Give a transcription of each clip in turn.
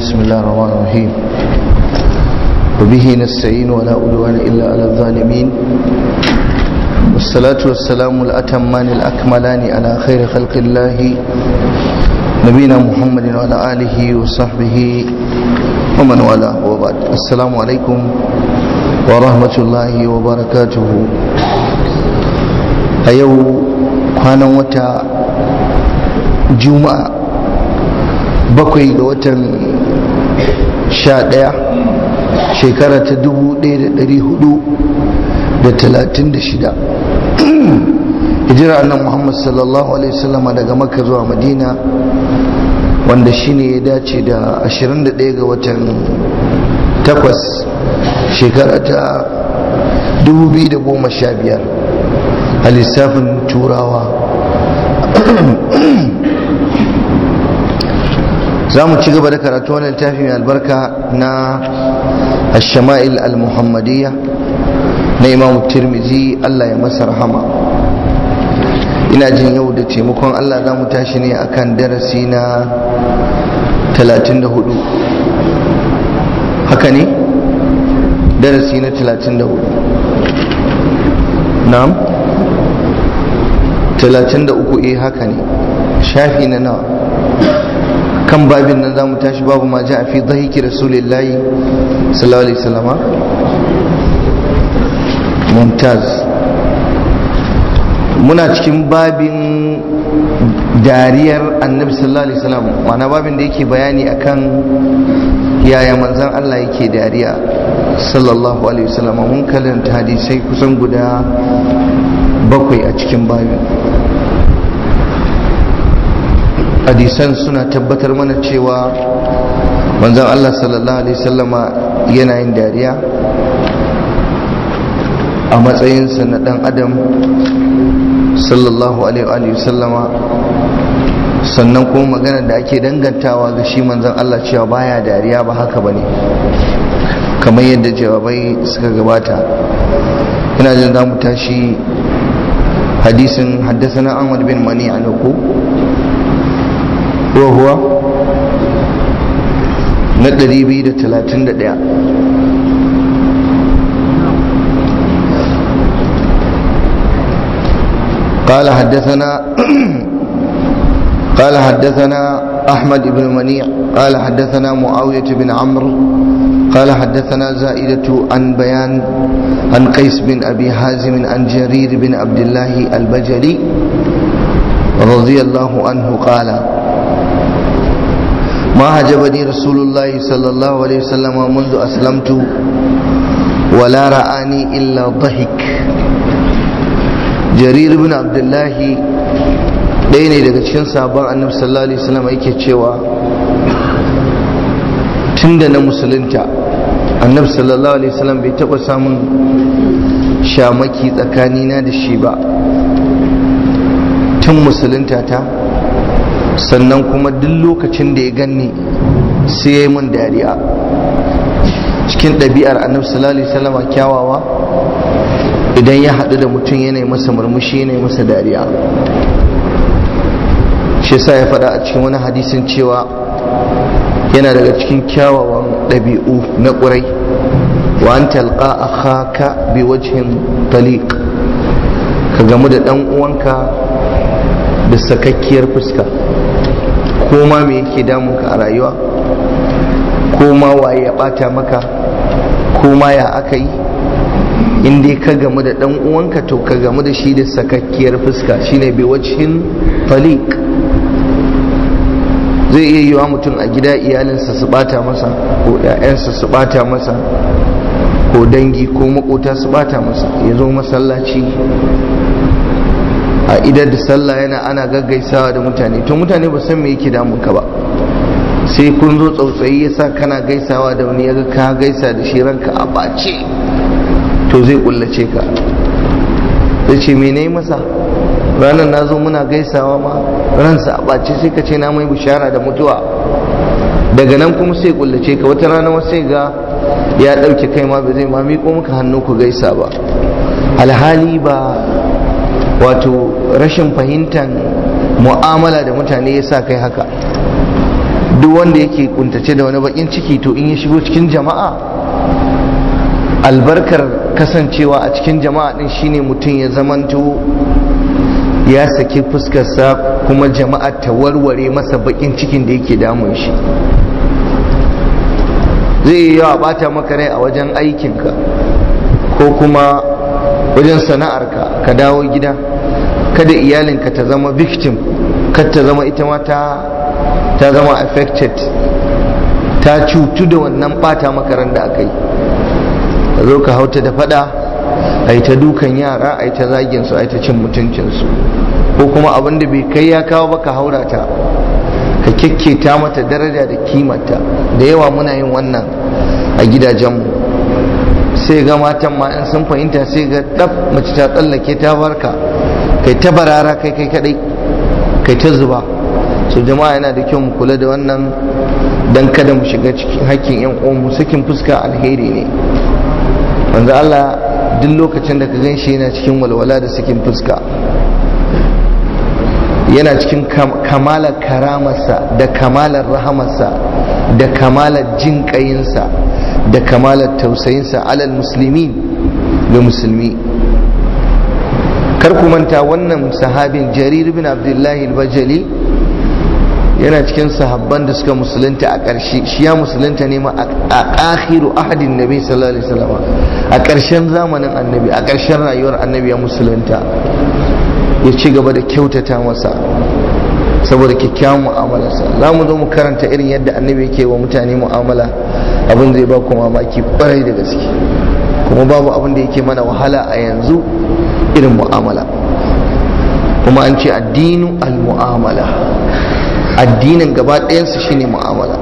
بسم الله الرحمن الرحيم وبه نستعين ولا عدوان إلا على الظالمين والصلاة والسلام الأتمان الأكملان على خير خلق الله نبينا محمد وعلى آله وصحبه ومن والاه وبعد السلام عليكم ورحمة الله وبركاته أيو كان وتا juma'a bakwai ga watan 11 shekara ta 1436 hijira annan muhammad sallallahu alaihi wasallam daga makka zuwa madina wanda shine ya dace da 21 ga watan 8 shekara ta 2015 a lissafin turawa za mu ci gaba da karatu wani littafi mai albarka na ashama'il al-muhammadiyya na imam tirmizi allah ya masa rahama ina jin yau da taimakon allah za mu tashi ne akan darasi na 34 haka ne darasi na 34 na'am 33 eh haka ne shafi na nawa kan babin nan za mu tashi babu ma ji a fi dhahiki rasulillahi sallallahu alaihi wasallam mumtaz muna cikin babin dariyar annabi sallallahu alaihi wasallam ma'ana babin da yake bayani akan yaya manzan Allah yake dariya sallallahu alaihi wasallam mun karanta hadisai kusan guda bakwai a cikin babin hadisan suna tabbatar mana cewa manzan Allah sallallahu alaihi wasallama yana yin dariya a matsayinsa na ɗan adam sallallahu alaihi wasallama sannan kuma magana da ake dangantawa ga shi manzan Allah cewa baya dariya ba haka ba ne. kamar yadda jawabai suka gabata ina jin za mu tashi hadisin haddasa na Ahmad bin Mani a nuku. huwa na 231 قال حدثنا قال حدثنا أحمد بن منيع قال حدثنا معاوية بن عمرو قال حدثنا زائدة عن بيان عن قيس بن أبي حازم عن جرير بن عبد الله البجلي رضي الله عنه قال ما حجبني رسول الله صلى الله عليه وسلم منذ أسلمت ولا رآني إلا ضحك جرير بن عبد الله ɗaya ne daga cikin sabon annabi sallallahu alaihi wasallam yake cewa tunda na musulunta annabi sallallahu alaihi wasallam bai taɓa samun shamaki tsakanina da shi ba tun musulunta ta sannan kuma duk lokacin da ya ganni sai ya yi mun dariya cikin ɗabi'ar annabi sallallahu alaihi wasallam kyawawa idan ya haɗu da mutum yanayi masa murmushi yanayi masa dariya shi yasa ya faɗa a cikin wani hadisin cewa yana daga cikin kyawawan ɗabi'u na ƙurai wa an talqa akhaka bi wajhin taliq ka gamu da ɗan uwanka da sakakkiyar fuska ko ma me yake damunka a rayuwa ko ma waye ya bata maka ko ma ya aka yi in dai ka gamu da dan uwanka to ka gamu da shi da sakakkiyar fuska shine bi wajhin faliq zai iya yiwa mutum a gida iyalinsa su bata masa ko ƴaƴansa su bata masa ko dangi ko makota su bata masa ya zo masallaci a idar da sallah yana ana gaggaisawa da mutane to mutane ba san me yake damun ka ba sai kun zo tsautsayi ya sa kana gaisawa da wani yaga ka gaisa da shi ranka a bace to zai kullace ka zai ce me yi masa ranar na zo muna gaisawa ma ransa a bace sai ka ce na mai bishara da mutuwa daga nan kuma sai kullace ka wata rana wasu sai ga ya ɗauke kai ma ba zai ma miƙo maka hannu ku gaisa ba alhali ba wato rashin fahimtar mu'amala da mutane ya sa kai haka duk wanda yake kuntace da wani bakin ciki to in ya shigo cikin jama'a albarkar kasancewa a cikin jama'a din shine mutum ya zamanto ya saki fuskarsa kuma jama'a ta warware masa bakin cikin da yake damun shi zai yi yawa bata maka rai a wajen aikinka ko kuma wajen sana'arka ka dawo gida kada iyalinka ta zama victim kada ta zama ita ma ta zama affected ta cutu da wannan bata makaran da aka yi ka zo ka hauta da fada a yi ta dukan yara a yi ta zagin su a yi ta cin mutuncinsu ko kuma abin da bai kai ya kawo ba ka haura ta ka kyakkyata mata daraja da kimata da yawa muna yin wannan a gidajenmu sai ga matan ma in sun fahimta sai ga dab mace ta tsallake ta barka kai ta barara kai kai kadai kai ta zuba so jama'a yana da kyau mu kula da wannan dan kada mu shiga cikin hakkin yan uwan mu sakin fuska alheri ne wanda Allah duk lokacin da ka gan shi yana cikin walwala da sakin fuska yana cikin kamalar karamarsa da kamalar rahamarsa da kamalar jin ƙayinsa da kamalar sa alal musulmi da musulmi kar ku manta wannan sahabin jarir bin abdullahi al-bajali yana cikin sahabban da suka musulunta a ƙarshe shi ya musulunta ne ma a akhiru ahadin nabi sallallahu alaihi wasallam a ƙarshen zamanin annabi a ƙarshen rayuwar annabi ya musulunta ya ci gaba da kyautata masa saboda kyakkyawan mu'amalarsa za mu zo mu karanta irin yadda annabi yake wa mutane mu'amala abin zai ba ku mamaki kwarai da gaske kuma babu abin da yake mana wahala a yanzu irin mu'amala kuma an ce addinu al-mu'amala addinin gaba ɗayansu shine mu'amala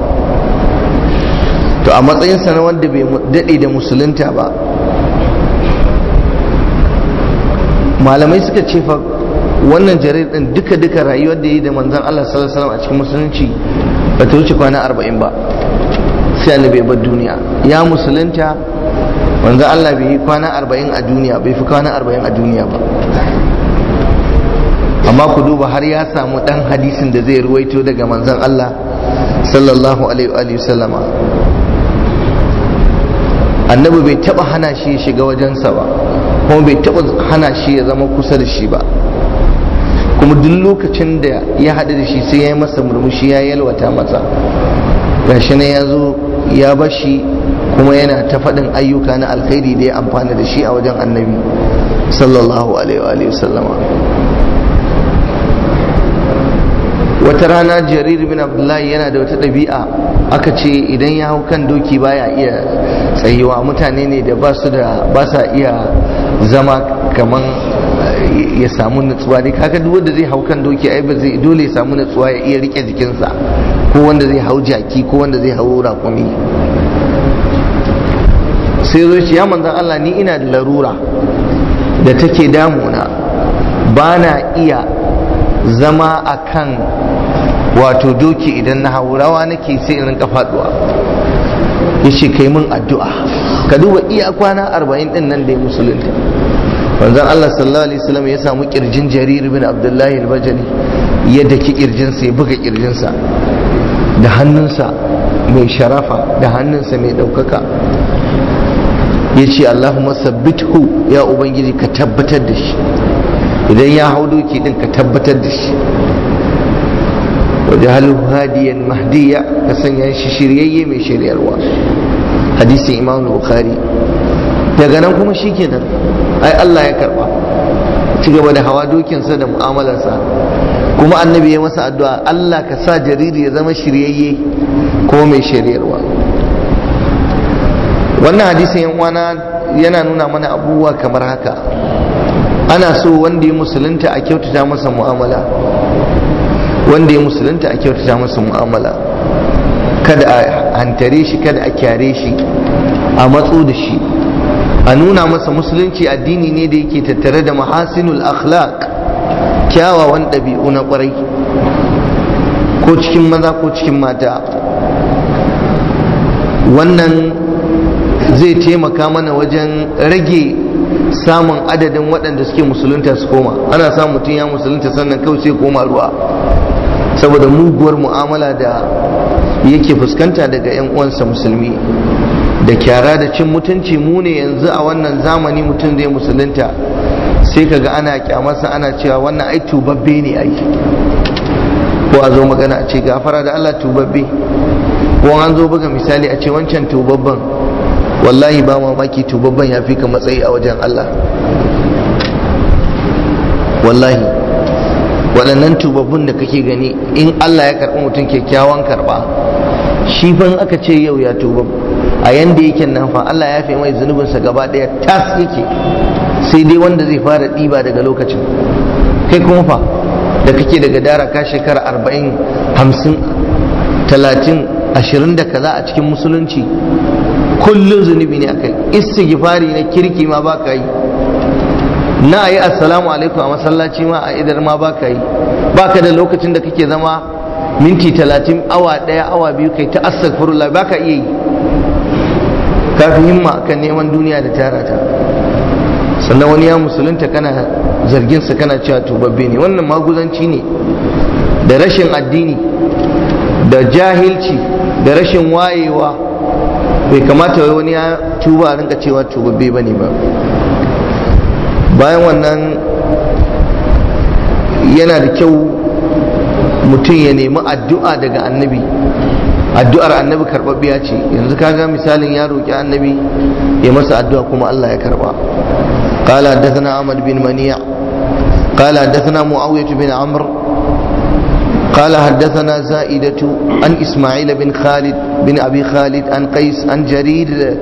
to a matsayinsa na wanda bai daɗe da musulunta ba malamai suka ce fa wannan jarir din duka duka rayuwar da yi da manzan Allah sallallahu alaihi wasallam a cikin musulunci ba ta wuce kwana 40 ba sai Allah bai bar duniya ya musulunta wanzu Allah bai yi kwana arba'in a duniya bai fi kwana arba'in a duniya ba amma ku duba har ya samu dan hadisin da zai ruwaito daga manzon Allah sallallahu alaihi wa sallama annabi bai taba hana shi shiga wajensa ba kuma bai taba hana shi ya zama kusa da shi ba kuma duk lokacin da ya haɗu da shi sai ya yi masa murmushi ya yalwata masa gashi ne ya zo ya bashi kuma yana ta faɗin ayyuka na alkhairi da ya amfana da shi a wajen annabi sallallahu alaihi wa sallama wata rana jarir bin abdullahi yana da wata ɗabi'a aka ce idan ya hau kan doki baya iya tsayuwa mutane ne da ba su da ba sa iya zama kaman ya samu natsuwa ne kaga duk wanda zai hau kan doki ai ba zai dole ya samu natsuwa ya iya rike jikinsa ko wanda zai hau jaki ko wanda zai hau rakumi sai zo ya manzan Allah ni ina da larura da take damuna ba na iya zama a kan wato doki idan na hau rawa nake sai in rinka faduwa ya ce kai min addu'a ka duba iya kwana arba'in din nan da ya musulunta manzon Allah sallallahu alaihi wasallam ya samu kirjin jarir bin abdullahi al-bajali ya daki kirjinsa ya buga kirjinsa da hannunsa mai sharafa da hannunsa mai ɗaukaka ya ce allahumma sabbithu ya ubangiji ka tabbatar da shi idan ya hau doki din ka tabbatar da shi wajahalu hadiyan mahdiya ka sanya shi shiryayye mai shiryarwa hadisin imam bukhari daga nan kuma shikenan ai Allah ya karba ci gaba da hawa dokinsa da mu'amalarsa kuma annabi ya masa addu'a Allah ka sa jariri ya zama shiryayye ko mai shiryarwa wannan hadisin yan uwana yana nuna mana abubuwa kamar haka ana so wanda ya musulunta a kyautata masa mu'amala wanda ya musulunta a kyautata masa mu'amala kada a hantare shi kada a kyare shi a matso da shi a nuna masa musulunci addini ne da yake tattare da mahasinul akhlaq kyawawan ɗabi'u na ƙwarai ko cikin maza ko cikin mata wannan zai taimaka mana wajen rage samun adadin waɗanda suke musulunta su koma ana samun mutum ya musulunta sannan kawai sai koma ruwa saboda muguwar mu'amala da yake fuskanta daga 'yan uwansa musulmi da kyara da cin mutunci mu ne yanzu a wannan zamani mutum zai musulunta sai kaga ana kyamarsa ana cewa wannan ai tubabbe ne ai ko a zo magana a ce gafara da Allah tubabbe ko an zo buga misali a ce wancan tubabban wallahi ba mamaki tubabban ya fi ka matsayi a wajen Allah wallahi waɗannan tubabbun da kake gani in Allah ya karɓi mutum kyakkyawan karɓa shi fa aka ce yau ya tuba a yanda yake nan fa Allah ya fi mai zunubinsa gaba ɗaya tas yake sai dai wanda zai fara ɗiba daga lokacin kai kuma fa da kake daga dara ka shekara arba'in hamsin talatin ashirin da kaza a cikin musulunci kullum zunubi ne akai istighfari na kirki ma ba ka yi na yi assalamu alaikum a masallaci ma a idar ma ba ka yi ba ka da lokacin da kake zama minti talatin awa ɗaya awa biyu kai ta astaghfirullah ba ka iya yi ka fi himma kan neman duniya da tara ta sannan wani ya musulunta kana zargin kana cewa babbe ne wannan maguzanci ne da rashin addini da jahilci da rashin wayewa bai kamata wai wani ya tuba a rinka cewa babbe ba ne ba bayan wannan yana da kyau mutum ya nemi addu'a daga annabi addu'ar annabi karɓaɓɓiya ce yanzu ka ga misalin ya roƙi annabi ya masa addu'a kuma Allah ya karɓa qala haddathana amad bin maniya qala haddathana muawiyah bin amr qala haddathana za'idatu an isma'il bin khalid bin abi khalid an qais an jarir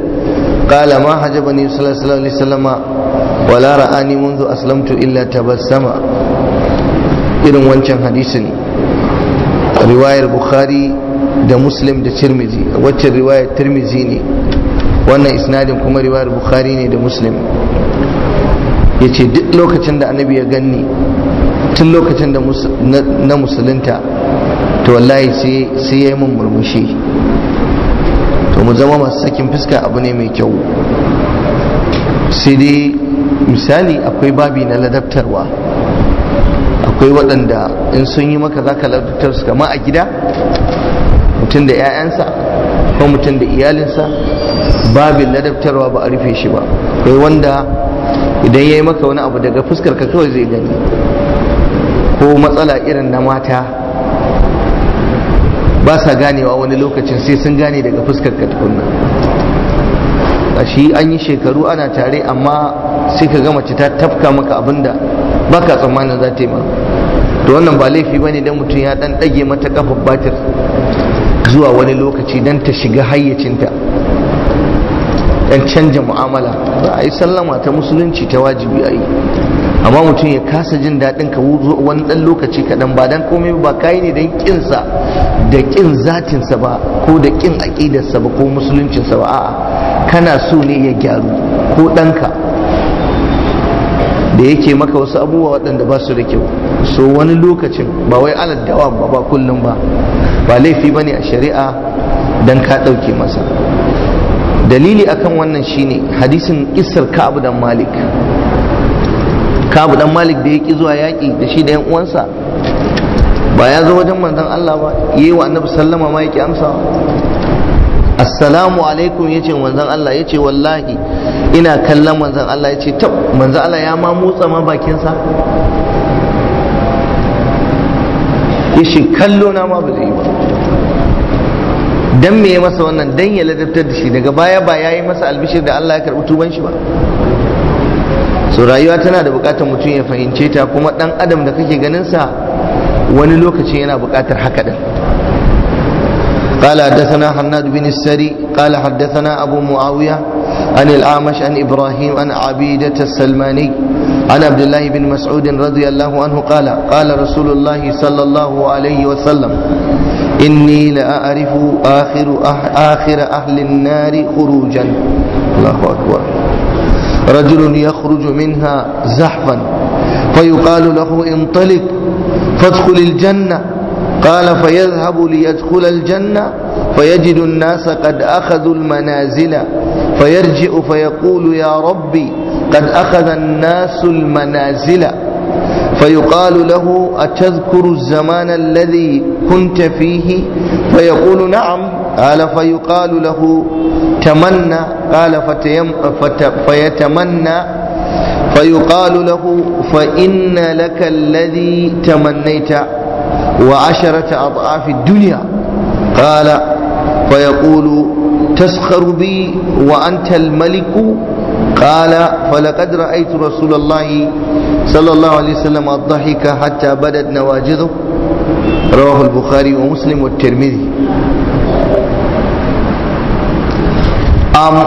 قال ما حجبني صلى الله عليه وسلم ولا رآني منذ أسلمت إلا تبسم riwayar bukhari da muslim da tirmizi wacce riwayar tirmizi ne wannan isnadin kuma riwayar bukhari ne da muslim ya ce duk lokacin da annabi ya ganni tun lokacin da na musulunta to wallahi sai ya yi mun murmushi to mu zama masu sakin fuska abu ne mai kyau sai dai misali akwai babi na ladabtarwa akwai waɗanda in sun yi maka za ka ladabtar su kama a gida mutum da 'ya'yansa ko mutum da iyalinsa babin ladabtarwa ba a rufe shi ba akwai wanda idan ya yi maka wani abu daga fuskar ka kawai zai gani ko matsala irin na mata ba sa ganewa wani lokacin sai sun gane daga fuskar ka tukunna a shi an yi shekaru ana tare amma sai ka ga mace ta tafka maka abinda baka tsammanin za ta yi ma to wannan ba laifi bane dan mutum ya dan dage mata kafar batir zuwa wani lokaci dan ta shiga hayyacinta dan canja mu'amala za a yi sallama ta musulunci ta wajibi a yi amma mutum ya kasa jin daɗin ka wani ɗan lokaci kaɗan ba dan komai ba kayi ne dan ƙinsa da ƙin zatinsa ba ko da ƙin aƙidarsa ba ko musuluncinsa ba a'a kana so ne ya gyaru ko ɗanka da yake maka wasu abubuwa waɗanda ba su da kyau so wani lokacin ba wai alal dawa ba ba kullum ba ba laifi bane a shari'a dan ka ɗauke masa dalili akan wannan shine hadisin isar ka'ab dan malik ka'ab dan malik da yake zuwa yaƙi da shi da yan uwansa ba ya zo wajen manzon Allah ba yayi wa annabi sallama ma yake amsa? assalamu alaikum yace manzon Allah yace wallahi ina kallon manzan Allah ya ce tab manzan Allah ya ma motsa ma bakinsa ya kallo na ma ba zai yi ba dan me ya masa wannan dan ya ladabtar da shi daga baya ba ya yi masa albishir da Allah ya karɓi tuban shi ba so rayuwa tana da bukatar mutum ya fahimce ta kuma dan adam da kake ganin sa wani lokaci yana bukatar haka din قال حدثنا حناد بن السري قال حدثنا أبو معاوية عن الأعمش عن إبراهيم عن عبيدة السلماني عن عبد الله بن مسعود رضي الله عنه قال قال رسول الله صلى الله عليه وسلم إني لأعرف آخر آخر أهل النار خروجا الله أكبر رجل يخرج منها زحفا فيقال له انطلق فادخل الجنة قال فيذهب ليدخل الجنة فيجد الناس قد أخذوا المنازل فيرجع فيقول يا ربي قد أخذ الناس المنازل فيقال له أتذكر الزمان الذي كنت فيه فيقول نعم قال فيقال له تمنى قال فيتمنى فيقال له فإن لك الذي تمنيت وعشرة أضعاف الدنيا قال فيقول تسخر بي وأنت الملك قال فلقد رأيت رسول الله صلى الله عليه وسلم الضحك حتى بدت نواجذه رواه البخاري ومسلم والترمذي أم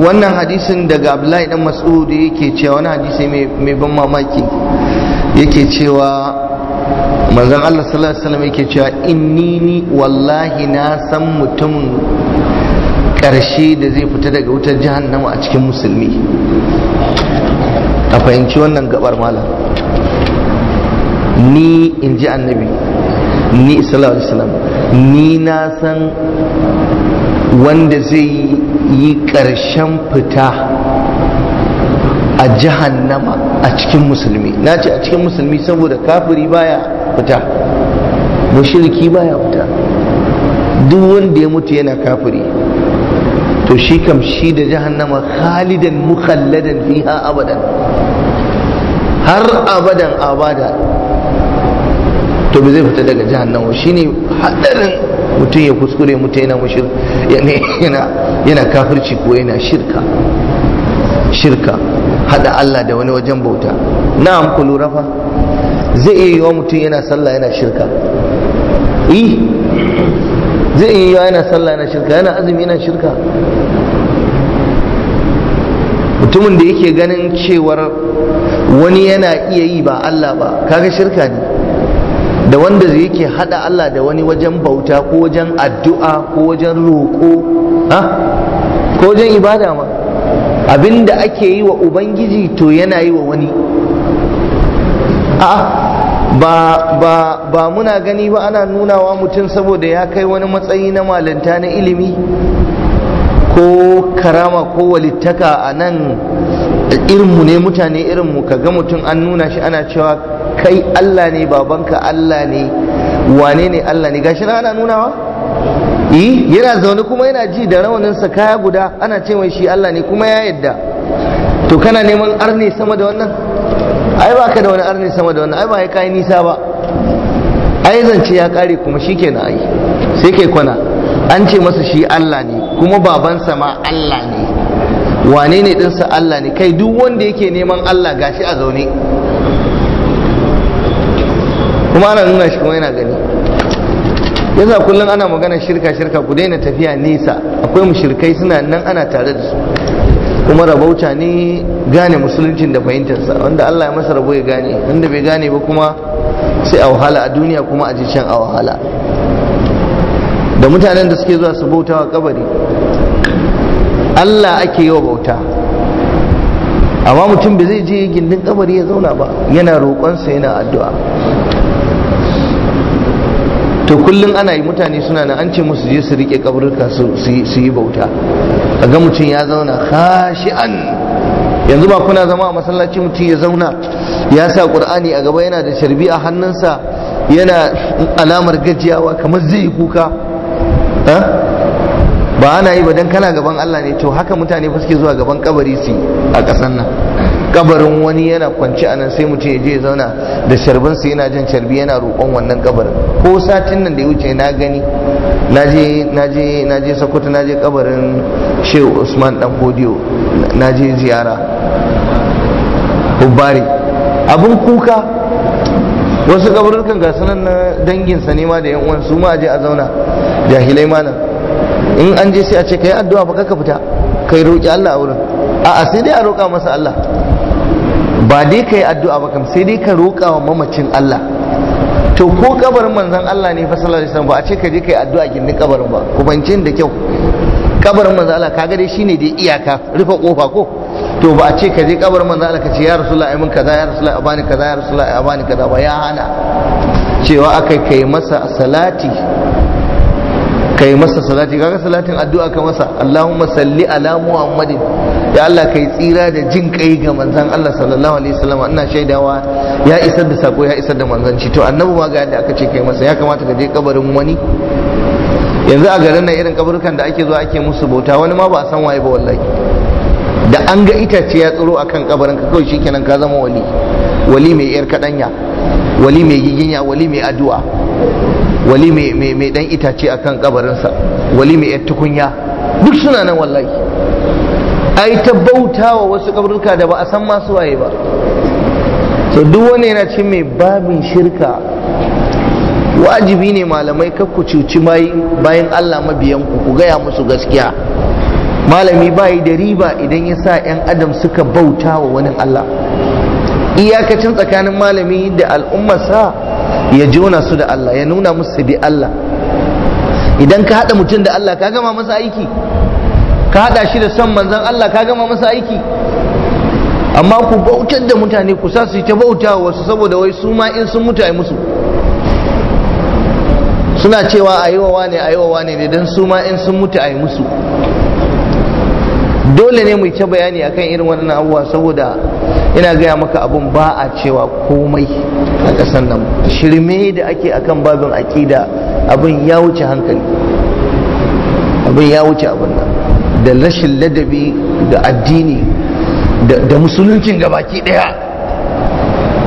wannan hadisin daga Abdullahi dan Mas'ud yake cewa wani hadisi mai ban mamaki yake cewa manzan Allah sallallahu alaihi wasallam yake cewa inni ni wallahi na san mutumin karshe da zai fita daga wutar jahannama a cikin musulmi a fahimci wannan gabar malam ni in ji annabi ni sallallahu alaihi wasallam ni na san wanda zai yi karshen fita a jahannama a cikin musulmi na ce a cikin musulmi saboda kafiri baya fita mushriki baya fita duk wanda ya mutu yana kafiri to shi kam shi da jahannama khalidan mukhalladan fiha abadan har abadan abada to bai zai fita daga jahannama shine hadarin mutum ya kuskure mutum yana mushir yana yana kafirci ko yana shirka shirka hada Allah da wani wajen bauta na'am ku lura zai iya yiwa mutum yana sallah yana shirka yi eh, zai iya yiwa yana sallah yana shirka yana azumi yana shirka mutumin da yake ganin cewar wani yana iya yi ba Allah ba kaga shirka ne da wanda yake hada Allah da wani wajen bauta ko wajen addu'a ko wajen roƙo ko wajen ibada ma abinda ake yi wa ubangiji to yana yi wa wani a'a ba ba ba muna gani ba ana nunawa mutum saboda ya kai wani matsayi na malinta na ilimi ko karama ko walittaka a nan irinmu ne mutane irinmu ka ga mutum an nuna shi ana cewa kai Allah ne babanka Allah ne wane ne Allah ne gashi na ana nunawa yi yana zaune kuma yana ji da rawaninsa kaya guda ana ce mai shi Allah ne kuma ya yadda to kana neman arne sama da wannan ai ba ka da wani arni sama da wannan ai ba ya kai nisa ba ai zance ya kare kuma shi na ai sai kai kwana an ce masa shi Allah ne kuma babansa ma Allah ne wane ne ɗinsa Allah ne kai duk wanda yake neman Allah gashi a zaune kuma ana nuna shi kuma yana gani yasa kullum ana magana shirka shirka ku daina tafiya nesa akwai mushrikai suna nan ana tare da su kuma rabauta ne gane musuluncin da fahimtarsa wanda Allah ya masa rabo ya gane wanda bai gane ba kuma sai a wahala a duniya kuma a jishen a wahala da mutanen da suke zuwa su bauta wa kabari Allah ake yi wa bauta amma mutum bai zai je gindin kabari ya zauna ba yana roƙonsa yana addu'a to kullum ana yi mutane suna nan an ce musu je su riƙe kabarurka su yi bauta ga mutum ya zauna khashi'an yanzu ba kuna zama a masallaci mutum ya zauna ya sa qur'ani a gaba yana da sharbi a hannunsa yana alamar gajiyawa kamar zai kuka ba ana yi ba dan kana gaban Allah ne to haka mutane fuske suke zuwa gaban kabari su a kasan nan kabarin wani yana kwanci a nan sai mutum ya je zauna da sharbinsa yana jan sharbi yana roƙon wannan kabarin ko satin nan da ya wuce na gani na je sokoto na je kabarin shehu usman dan godiyo na je ziyara hubbari abin kuka wasu kabarurkan ga nan na danginsa ne ma da yan uwan su ma je a zauna jahilai nan. in an je sai a ce kai addu'a ba ka fita kai roƙi Allah a wurin a'a sai dai a roƙa masa Allah ba dai ka yi addu'a ba kam sai dai ka roƙa wa mamacin Allah to ko kabarin manzon Allah ne fa sallallahu alaihi wasallam ba a ce ka je ka yi addu'a gindin kabarin ba ku bance da kyau kabarin manzon Allah kaga dai shine dai iyaka rufe kofa ko to ba a ce ka je kabarin manzon Allah ka ce ya rasulullahi mun kaza ya rasulullahi abani bani kaza ya rasulullahi a abani kaza ba ya hana cewa aka kai masa salati kai masa salati kaga salatin addu'a ka masa Allahumma salli ala Muhammadin Da Allah kai tsira da jin kai ga Manzan Allah sallallahu alaihi wasallam ina shaidawa ya isar da sako ya isar da manzanci to annabi ma ga yadda aka ce kai masa ya kamata ka je kabarin wani yanzu a garin nan irin kaburukan da ake zuwa ake musu bauta wani ma ba a san waye ba wallahi da an ga itace ya tsiro akan kabarin ka kawai shikenan ka zama wali wali mai yar kadanya wali mai giginya wali mai addu'a wali mai dan itace akan kabarinsa wali mai yar tukunya duk suna nan wallahi ai ta bauta wa wasu kaburuka da ba a san masu waye ba to duk wani yana cin mai babin shirka wajibi ne malamai kar ku cuci bayan Allah mabiyan ku ku gaya musu gaskiya malami bayi da riba idan ya sa 'yan adam suka bauta wa wani Allah iyakacin tsakanin malami da al'ummarsa ya jona su da Allah ya nuna musu bi Allah idan ka haɗa mutum da Allah ka gama masa aiki ka haɗa shi da san manzan Allah ka gama masa aiki amma ku bautar da mutane ku sa su yi ta bauta wasu saboda wai su ma in sun mutu a musu suna cewa a yi wa wane a yi wa wane ne don su ma in sun mutu a musu dole ne mu yi ta bayani akan irin wannan abubuwa saboda ina gaya maka abun ba a cewa komai a ƙasar nan shirme da ake akan babin aƙida abin ya wuce hankali abin ya wuce abin nan da rashin ladabi da addini da musuluncin gabaki daya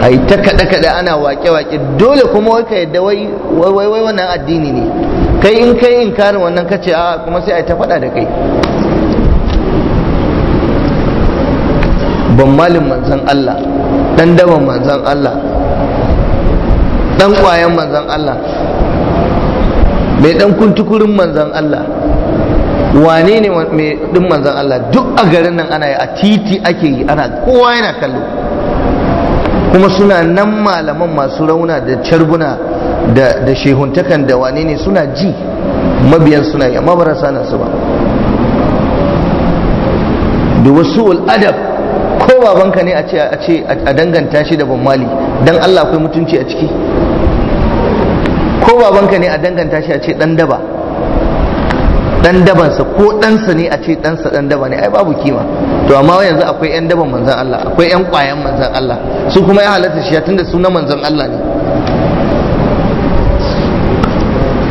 a yi ta kaɗe-kaɗe ana wake-wake dole kuma wai ka yadda wai wai wannan addini ne kai in kai in karin wannan kace a kuma sai a yi ta faɗa da kai ban malin manzan Allah dan daban manzan Allah dan kwayan manzan Allah mai dan kuntukurin manzan Allah wane ne mai ɗin manzan Allah duk a garin nan ana yi a titi ake yi ana kowa yana kallo kuma suna nan malaman masu rauna da carbuna da shehuntakan da wane ne suna ji mabiyan suna yi amma ba na su ba da wasu adab ko babanka ne a ce a danganta shi da bammali don Allah akwai mutunci a ciki ko babanka ne a danganta shi a ce dan daba dan dabansa ko ɗansa ne a ce ɗansa dan daba ne ai babu kima to amma yanzu akwai ƴan daban manzan Allah akwai ƴan ƙwayan manzan Allah su kuma ya halatta shi tunda suna manzan Allah ne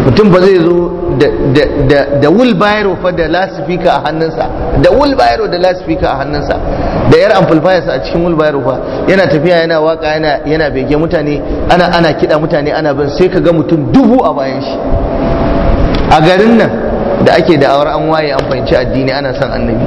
mutum ba zai zo da wheelbarrow fa da lasifika a hannunsa da wheelbarrow da lasifika a hannunsa da yar amplifiers a cikin wheelbarrow fa yana tafiya yana waka yana yana bege mutane ana ana kida mutane ana bin sai ka ga mutum dubu a bayan shi a garin nan da ake da'awar an waye an fahimci addini ana son annabi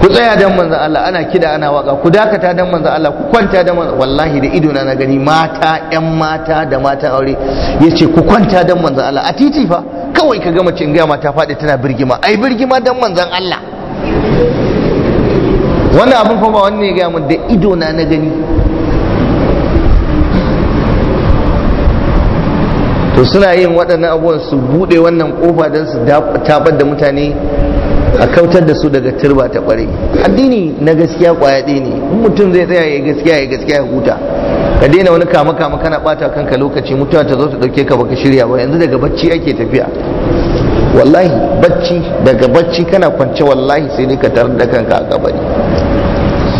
ku tsaya dan manzon Allah ana kida ana waka ku dakata dan manzon Allah ku kwanta dan manzon wallahi da ido na gani mata yan mata da mata aure yace ku kwanta dan manzon Allah a titi fa kawai ka gama cin gama ta faɗi tana birgima ai birgima dan manzon Allah wannan abin fa ba wanne ya ga mun da ido na na gani to suna yin waɗannan abubuwan su buɗe wannan ƙofa don su tabar da mutane a kautar da su daga turba ta ƙware addini na gaskiya ƙwaya ɗaya ne in mutum zai tsaya ya gaskiya ya gaskiya ya huta ka daina wani kama kama kana ɓata kanka lokaci mutuwa ta zo ta ɗauke ka baka shirya ba yanzu daga bacci ake tafiya wallahi bacci daga bacci kana kwance wallahi sai dai ka tarar da kanka a kabari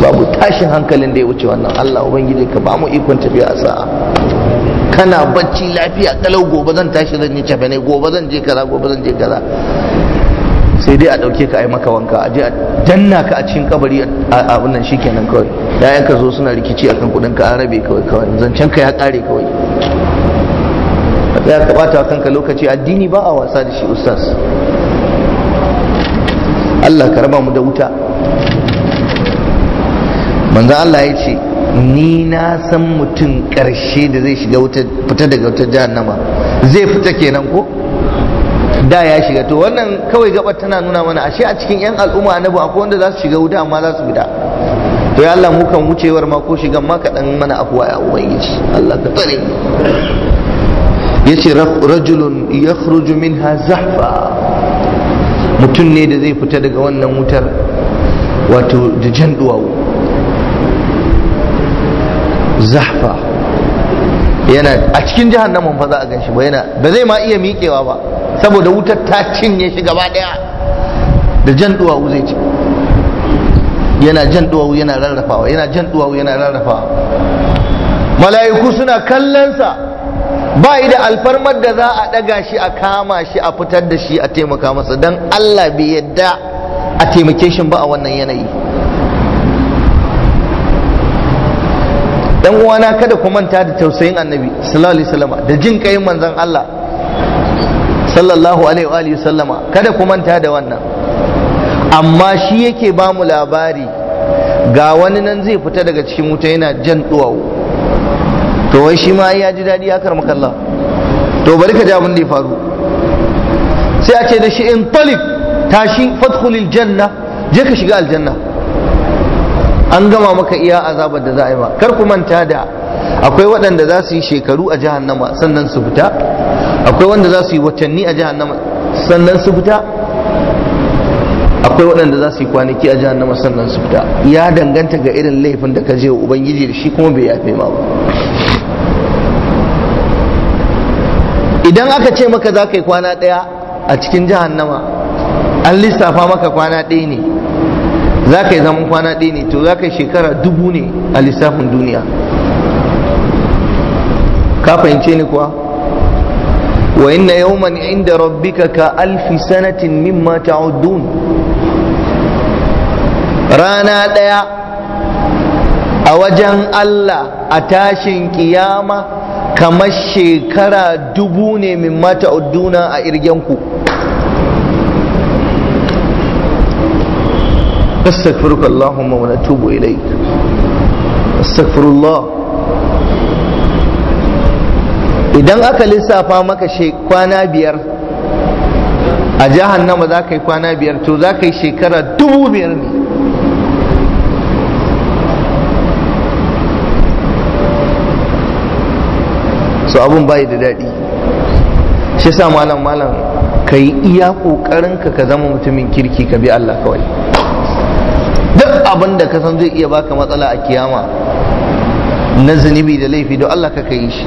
babu tashin hankalin da ya wuce wannan Allah ubangiji ka ba mu ikon tafiya a sa'a kana bacci lafiya kalau gobe zan tashi zan yi cafe ne gobe zan je kaza gobe zan je kaza sai dai a ɗauke ka a yi maka wanka a je a danna ka a cikin kabari a abin nan shikenan kawai yayan ka zo suna rikici akan kudin ka an kawai kawai zancen ka ya ƙare kawai a tsaya ka ɓata kanka lokaci addini ba a wasa da shi ustaz Allah ka raba mu da wuta manzo Allah ya ce ni na san mutum karshe da zai shiga fita daga wutar jahannama zai fita kenan ko da ya shiga to wannan kawai gabar tana nuna mana ashe a cikin yan al'umma annabi akwai wanda za su shiga wuta amma za su fita to ya Allah mu kan wucewar ma ko shigan ma kaɗan mana afuwa ya ubangiji Allah ka tsare yace rajulun yakhruju minha zahfa mutum ne da zai fita daga wannan wutar wato da jan duwawu zahfa yana a cikin jahannamin fa za a ganshi ba yana ba zai ma iya miƙewa ba saboda wutar ta cinye shi gaba daya da jan duwawu zai ci yana jan duwawu yana rarrafawa yana jan duwawu yana rarrafawa mala'iku suna kallonsa ba yi da alfarmar da za a daga shi a kama shi a fitar da shi a taimaka masa don allah bai yadda a taimake shi ba a wannan yanayi dan uwana kada ku manta da tausayin annabi sallallahu alaihi wasallama da jin kai manzon Allah sallallahu alaihi wa alihi wasallama kada ku manta da wannan amma shi yake ba mu labari ga wani nan zai fita daga cikin wuta yana jan duwawu to wai shi ma ya ji dadi ya karma kalla to bari ka ja mun da ya faru sai a ce da shi in talib tashi fadkhulil janna je ka shiga aljanna an gama maka iya azabar da za a yi ma kar ku manta da akwai waɗanda za su yi shekaru a jahannama sannan su fita akwai wanda za su yi watanni a jahannama sannan su fita akwai waɗanda za su yi kwanaki a jahannama sannan su fita ya danganta ga irin laifin da ka je wa ubangiji da shi kuma bai yafe ma ba idan aka ce maka za ka yi kwana ɗaya a cikin jahannama an lissafa maka kwana ɗaya ne za ka yi zaman kwana ɗaya ne to za ka yi shekara dubu ne a lissafin duniya ka fahimce ni kuwa wa inna yawman inda rabbika ka alfi sanatin mimma ta'uddun rana ɗaya a wajen Allah a tashin kiyama kamar shekara dubu ne mimma ta'udduna a irgenku ku نستغفرك اللهم ونتوب إليك استغفر الله idan aka lissafa maka kwana biyar a jahannama za ka yi kwana biyar to za ka yi shekara dubu biyar ne so abun bai da daɗi shi sa malam malam ka yi iya ƙoƙarinka ka zama mutumin kirki ka bi Allah kawai abin da ka san zai iya baka matsala a kiyama na zunubi da laifi don Allah ka kai shi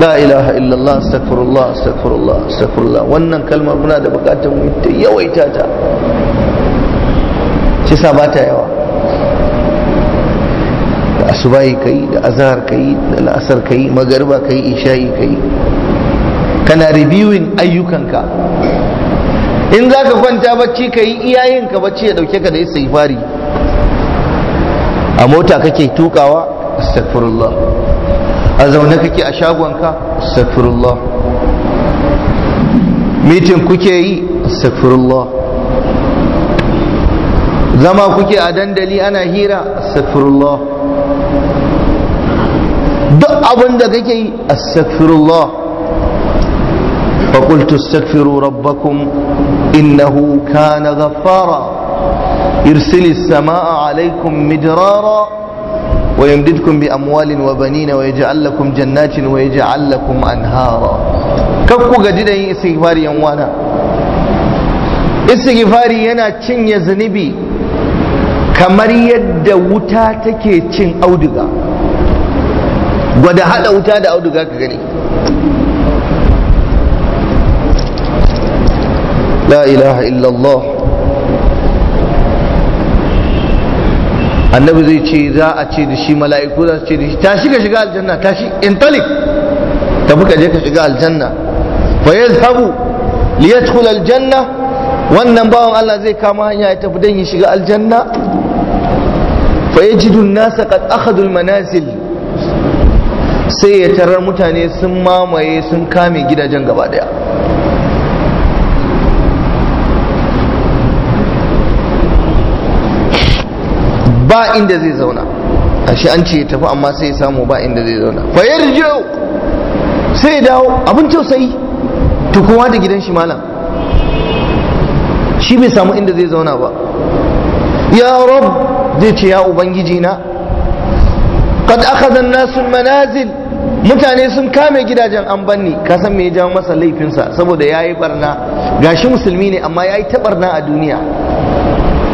la ilaha illallah astaghfirullah astaghfirullah astaghfirullah wannan kalmar muna da bukatar mu ta yawaita ta shi sa ba ta yawa da asubahi kai da azhar kai da la'asar kai magariba kai isha'i kai kana reviewing ayyukanka in za ka kwanta bacci ka yi iyayenka bacci ya dauke ka da isa fari a mota kake tukawa astaghfirullah a zaune kake a shagonka astaghfirullah mitin kuke yi astaghfirullah zama kuke a dandali ana hira astaghfirullah duk abin da kake yi astaghfirullah فقلت استغفروا ربكم إنه كان غفارا يرسل السماء عليكم مدرارا ويمددكم بأموال وبنين ويجعل لكم جنات ويجعل لكم أنهارا كفكو قدنا استغفار يوانا استغفاري ينا تشين يزنبي kamar yadda wuta take cin auduga gwada hada wuta da auduga ka gani la ilaha illallah annabi zai ce za a ce da shi mala'iku za su ce da shi tashi ka shiga aljanna tashi intalik tafi ka je ka shiga aljanna fa yazhabu li yadkhul aljanna wannan bawan Allah zai kama hanya ya tafi dan ya shiga aljanna fa yajidu an-nasa qad akhadhu al-manazil sai ya tarar mutane sun mamaye sun kame gidajen gaba daya ba inda zai zauna ashe an ce ya tafi amma sai ya samu ba inda zai zauna fayar sai ya dawo abin tausayi ta kowa da gidan shi malam shi bai samu inda zai zauna ba ya rab zai ce ya ubangiji na kad akhadha an-nasu manazil mutane sun kame gidajen an banni ka san me ya masa laifinsa saboda yayi barna gashi musulmi ne amma yayi ta barna a duniya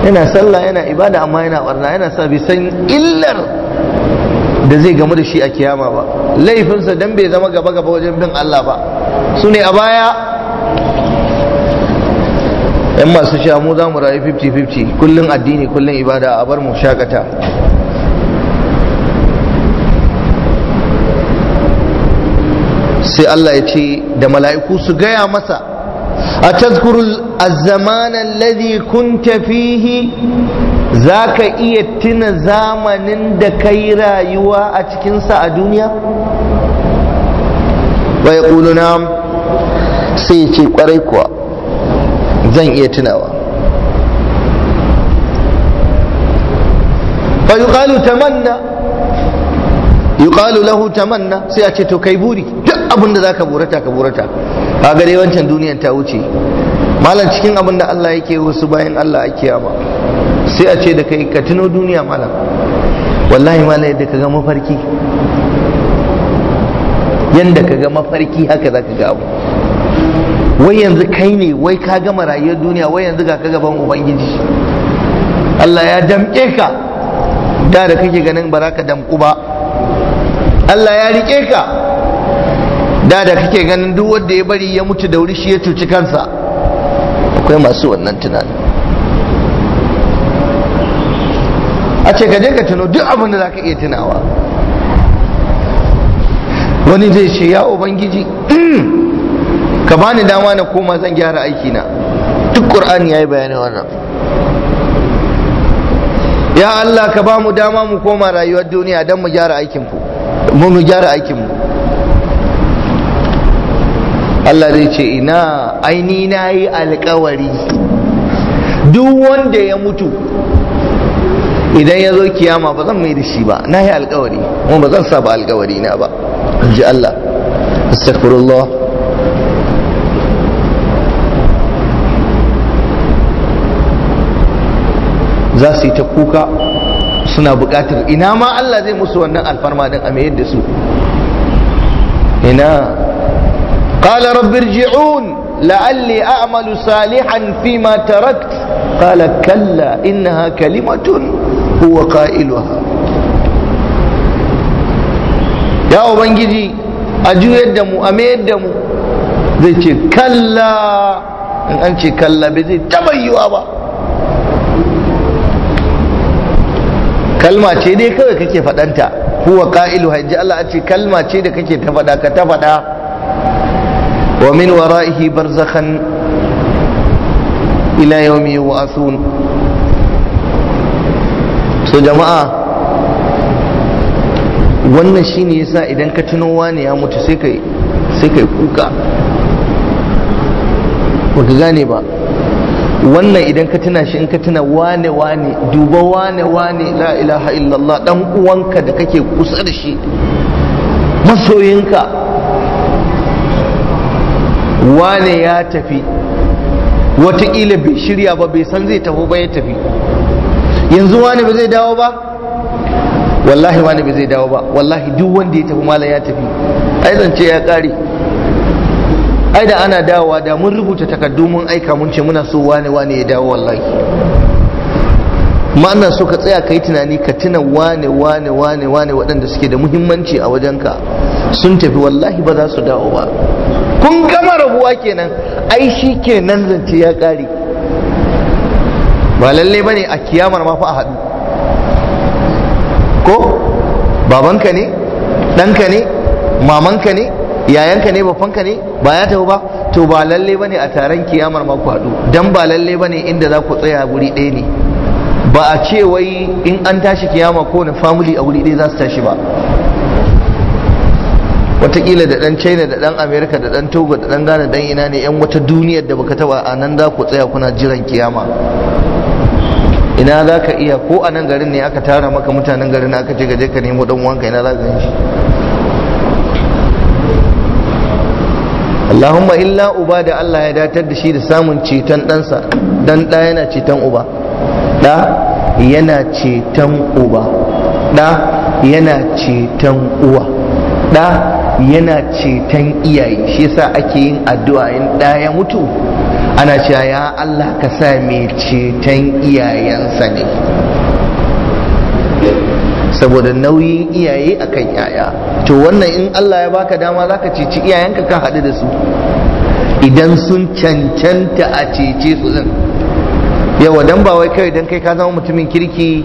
yana sallah yana ibada amma yana barna yana sa bai san illar da zai gamu da shi a kiyama ba laifinsa dan bai zama gaba gaba wajen bin Allah ba su ne a baya yan masu sha mu za mu rayu 50-50 kullum addini kullum ibada a bar mu shakata sai Allah ya ce da mala'iku su gaya masa أتذكر الزمان الذي كنت فيه ذاك إيتنا زامن دكيرا يوا أتكنسا الدنيا ويقول نعم سيتي قريكوا زن إيتنا فيقال تمنى يقال له تمنى سيأتي تكيبوري duk abin da za ka burata ka burata ba gare wancan duniyar ta wuce malam cikin abin da Allah yake wasu bayan Allah a kiyama sai a ce da kai ka tuno duniya malam wallahi malam yadda ka ga mafarki yadda ka ga mafarki haka za ka ga abu wai yanzu kai ne wai ka gama rayuwar duniya wai yanzu ga ka gaban ubangiji Allah ya damƙe ka da da kake ganin ba za ka damƙu ba Allah ya riƙe ka da da kake ganin duk wanda ya bari ya mutu da wuri shi ya cuci kansa akwai masu wannan tunanin a ce ka je ka tuno duk abin da zaka iya tunawa wani zai ce ya ubangiji ka bani dama na koma zan gyara aikina duk ƙur'ani ya yi bayanin wannan ya Allah ka ba mu dama mu koma rayuwar duniya don mu gyara aikinmu mu gyara aikinmu Allah zai ce ina aini na yi alkawari duk wanda ya mutu idan ya zo kiyama ba zan mai da shi ba na yi alkawari kuma ba zan saba alkawari na ba in ji Allah astagfirullah za su yi ta kuka suna bukatar ina ma Allah zai musu wannan alfarma don a mayar su ina قال رب ارجعون لعلي أعمل صالحا فيما تركت قال كلا إنها كلمة هو قائلها ya ubangiji a juyar da mu a mayar mu zai ce kalla an ce kalla bai zai taba yiwa ba kalma ce dai kawai kake faɗanta huwa ka'ilu hajji Allah ce kalma ce da kake faɗa ka ta faɗa ومن ورائه برزخا إلى يوم يبعثون so jama'a wannan shine yasa idan ka tuno wani ya mutu sai kai sai kai kuka gane ba wannan idan ka tuna shi in ka tuna wane wane duba wane wane la ilaha illallah dan uwanka da kake kusa da shi masoyinka wane ya tafi watakila bai shirya ba bai san zai tafi ba ya tafi yanzu wane ba zai dawo ba wallahi wane ba zai dawo ba wallahi duk wanda ya tafi malam ya tafi ai zance ya kare ai da ana dawowa da mun rubuta takardu mun aika mun ce muna so wane wane ya dawo wallahi ma'ana so ka tsaya ka yi tunani ka tuna wane wane wane wane waɗanda suke da muhimmanci a wajenka sun tafi wallahi ba za su dawo ba kun gama rabuwa kenan ai shi kenan zance ya kare ba lalle bane a kiyamar ma a haɗu ko babanka ne ɗanka ne mamanka ne yayanka ne bafanka ne ba ya tafi ba to ba lalle bane a taron kiyamar ma ku haɗu dan ba lalle bane inda za ku tsaya guri ɗaya ne ba a ce wai in an tashi kiyama ko na family a wuri ɗaya za su tashi ba watakila da dan china da dan america da dan togo da dan ghana dan ina ne yan wata duniyar da baka taba a nan za ku tsaya kuna jiran kiyama ina za ka iya ko a nan garin ne aka tara maka mutanen garin aka ce gaje ka nemo dan wanka ina za ka yi shi Allahumma illa uba da Allah ya datar da shi da samun ceton ɗansa dan ɗa yana ceton uba ɗa yana ceton uba ɗa yana ceton uwa ɗa yana ceton iyaye shi yasa ake yin addu'a in ɗaya ya mutu ana cewa ya Allah ka sa mai ceton iyayensa ne saboda nauyin iyaye akan yaya to wannan in Allah ya baka dama zaka cici iyayenka ka haɗu da su idan sun cancanta a cece su din yawa dan ba wai kai dan kai ka zama mutumin kirki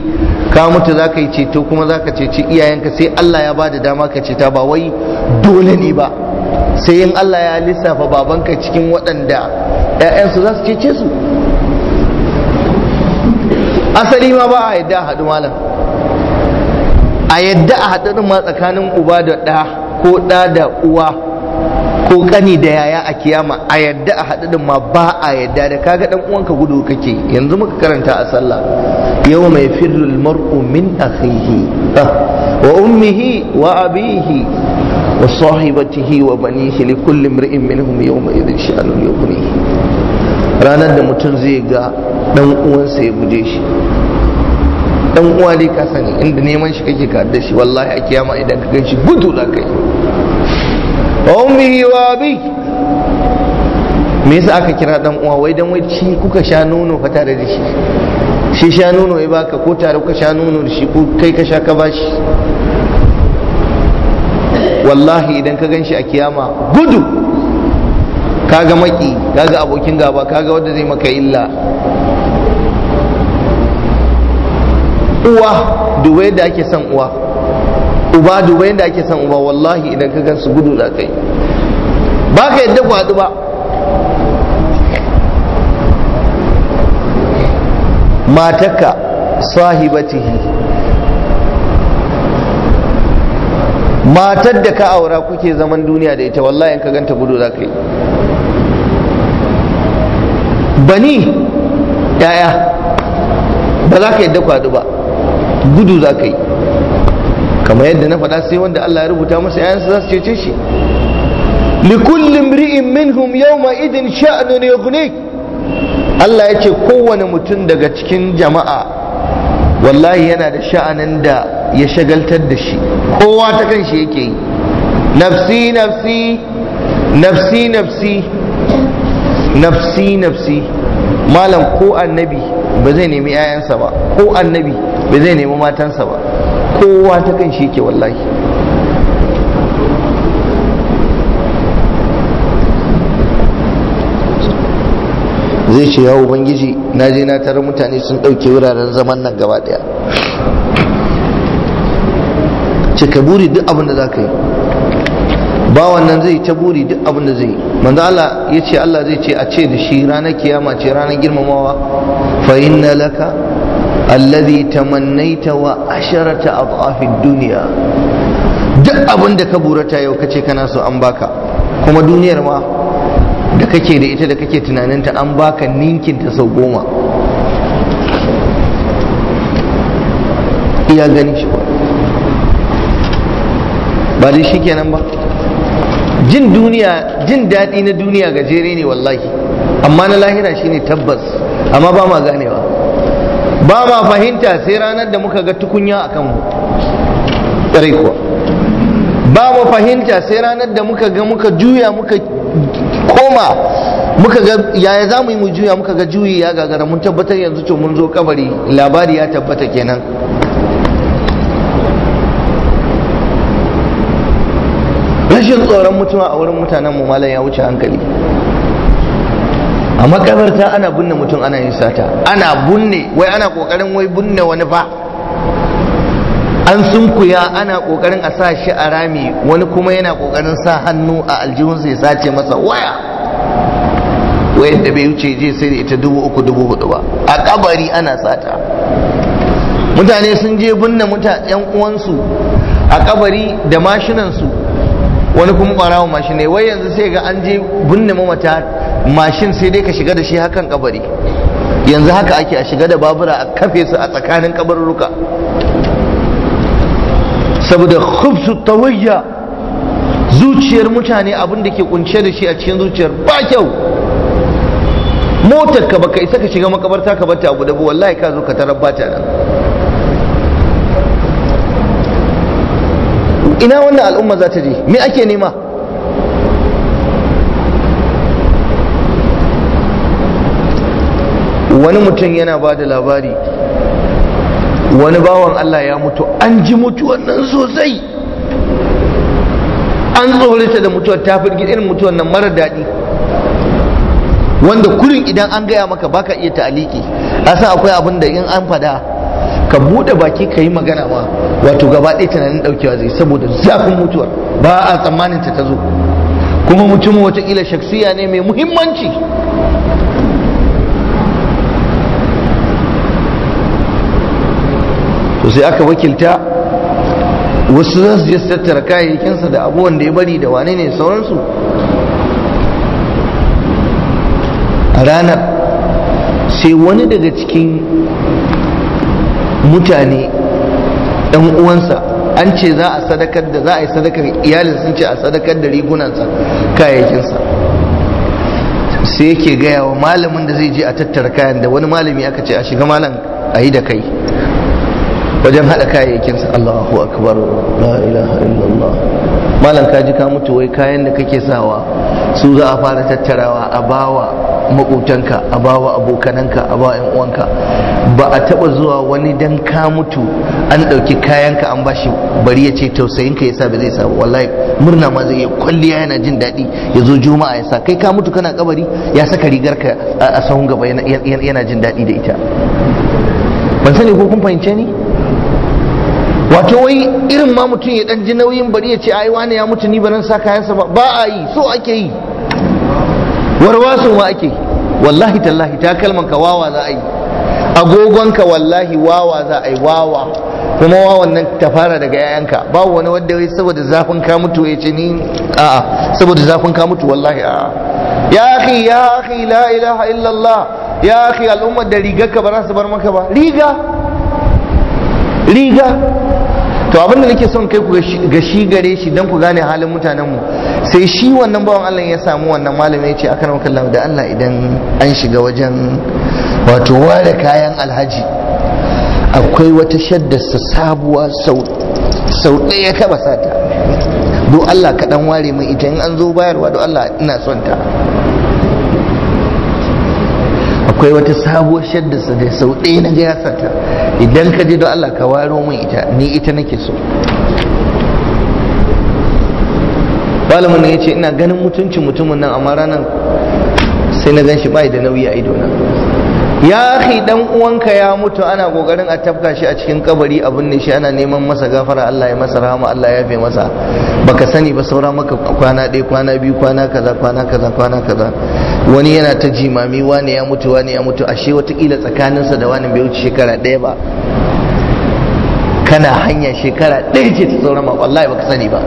ka mutu za ka yi ceto kuma za ka ceci iyayenka sai Allah ya ba da dama ka ceta ba wai dole ne ba sai in Allah ya lissafa babanka cikin waɗanda 'ya'yansu za su cece su asali ma ba a yadda a haɗu malam a yadda a haɗu ma tsakanin uba da ɗa ko ɗa da uwa ko kani da yaya a kiyama a yadda a haɗaɗin ma ba a yadda da kaga ɗan uwanka gudu kake yanzu muka karanta a sallah yau mai firrul mar'u min akhihi ah, wa ummihi wa abihi wa sahibatihi wa banihi li kulli imri'in minhum yawma idhin sha'anun yughnihi ranar da mutum zai ga ɗan uwansa ya guje shi ɗan uwa dai ka sani inda neman shi kake ka da shi wallahi a kiyama idan ka ganshi gudu za ka yi wa wa abi me yasa aka kira dan uwa wai dan wai shi kuka sha nono fa tare da shi shi sha nono ya baka ko tare kuka sha nono da shi ko kai ka sha ka bashi wallahi idan ka ganshi a kiyama gudu kaga maki kaga abokin gaba kaga wanda zai maka illa uwa duwe da ake son uwa uba duba yadda ake san uba wallahi idan ka gansu gudu za ka yi ba ka yadda ku haɗu ba matarka sahibatihi matar da ka aura kuke zaman duniya da ita wallahi in ka ganta gudu za ka yi bani yaya ba za ka yadda ku haɗu ba gudu za ka yi kamar yadda na faɗa sai wanda Allah ya rubuta masa yayansa za su cece shi likulli mri'in minhum yawma idin sha'nun yughni Allah ya ce kowane mutum daga cikin jama'a wallahi yana da sha'anin da ya shagaltar da shi kowa ta kan shi yake yi nafsi nafsi nafsi nafsi nafsi nafsi malam ko annabi ba zai nemi 'ya'yansa ba ko annabi ba zai nemi matansa ba kowa ta kan shi ke wallahi zai ce yawon bangiji na je na tara mutane sun ɗauke wuraren zaman nan gaba ɗaya ka buri duk abin da za ka yi bawan nan zai ta buri duk abin da zai manzo Allah ya ce Allah zai ce a ce da shi ranar kiyama ce ranar girmamawa fa inna laka alladhi tamannaita wa asharata adhafi dunya duk abin da ka burata yau kace kana so an baka kuma duniyar ma da kake da ita da kake tunaninta an baka ninkin ta sau goma iya gani shi ba ba dai shi kenan ba jin duniya jin daɗi na duniya gajere ne wallahi amma na lahira shine tabbas amma ba ma ganewa ba ma fahimta sai ranar da muka ga tukunya a kanmu tsare kuwa ba mu fahimta sai ranar da muka ga muka juya muka koma muka ga yaya za mu yi mu juya muka ga juyi ya gagara mun tabbatar yanzu to mun zo kabari labari ya tabbata kenan rashin tsoron mutuwa a wurin mutanen mu malam ya wuce hankali a makabarta ana binne mutum ana yin sata ana binne wai ana kokarin wai binne wani fa an sunkuya ana kokarin a sa shi a rami wani kuma yana kokarin sa hannu a aljihun ya sace masa waya Wai da bai wuce je sai da ita dubu uku dubu hudu ba a kabari ana sata mutane sun je binne mutane yan uwansu a kabari da mashinansu wani kuma barawa mashine wai yanzu sai ga an je binne mamata mashin sai dai ka shiga da shi hakan kabari yanzu haka ake a shiga da babura a kafe su a tsakanin kabarruka saboda khubsu tawayya zuciyar mutane abin da ke kunshe da shi a cikin zuciyar ba kyau motar ka baka isa ka shiga makabarta ka bata abu da wallahi ka zo ka tarabbata nan ina wannan al'umma za ta je me ake nema wani mutum yana ba da labari wani bawan Allah ya mutu an ji mutuwan nan sosai an tsorata da mutuwar ta firgi irin mutuwar nan mara daɗi wanda kurin idan an gaya maka baka iya ta'aliki a sa akwai abin da in an fada ka buɗe baki ka yi magana ma wato gaba ɗaya tunanin ɗaukewa zai saboda zafin mutuwar ba a tsammanin ta ta zo kuma mutumin watakila shaksiya ne mai muhimmanci to sai aka wakilta wasu zan su tattara kayayyakinsa da abubuwan da ya bari da wane ne sauransu a ranar sai wani daga cikin mutane ɗan uwansa an ce za a sadakar da za a yi sadakar iyalin sun ce a sadakar da rigunansa kayayyakinsa sai yake gaya wa malamin da zai je a tattara kayan da wani malami aka ce a shiga malam a yi da kai wajen haɗa kayayyakinsa Allahu akbar la ilaha illallah malam ka ji ka mutu wai kayan da kake sawa su za a fara tattarawa a bawa makotanka a bawa abokananka a bawa yan uwanka ba a taba zuwa wani dan ka mutu an ɗauki kayanka an bashi bari ya ce tausayin ka yasa ba zai sa wallahi murna ma zai yi kwalliya yana jin daɗi ya zo juma'a ya sa kai ka mutu kana kabari ya saka rigar ka a sahun gaba yana jin daɗi da ita ban sani ko kun fahimce ni wato wai irin ma mutum ya ɗan ji nauyin bari ya ce ai wani ya mutu ni nan sa kayansa ba ba a yi so ake yi warwaso wa ake wallahi tallahi kalman ka wawa za a yi agogon ka wallahi wawa za a yi wawa kuma wawan nan ta fara daga yayanka ba wani wanda wai saboda zafin ka mutu ya ce ni a'a saboda zafin ka mutu wallahi a'a ya akhi ya akhi la ilaha illallah ya akhi al'ummar da rigar ka ba za su bar maka ba riga riga to abinda nake son kai ku ga shi gare shi don ku gane halin mutanenmu sai shi wannan bawan Allah ya samu wannan malami ya ce kan wakallam da Allah idan an shiga wajen wato ware kayan alhaji akwai wata shaddarsa sabuwa sau ɗaya ka basata do Allah ka ware mai ita in an zo bayarwa do Allah ina son ta akwai wata sabuwar shaddarsa da sau ɗaya na ga sata idan ka je don Allah ka waro min ita ni ita nake so malamin ya ce ina ganin mutuncin mutumin nan amma ranar sai na gan shi bai da nauyi a idona ya akhi dan uwanka ya mutu ana kokarin a tafka shi a cikin kabari abin ne shi ana neman masa gafara Allah ya masa rahama Allah ya fi masa baka sani ba saura maka kwana ɗaya kwana biyu kwana kaza kwana kaza kwana kaza wani yana ta jimami wani ya mutu wani ya mutu ashe watakila tsakaninsa da wani bai wuce shekara ɗaya ba kana hanya shekara ɗaya ce ta saura ma wallahi baka sani ba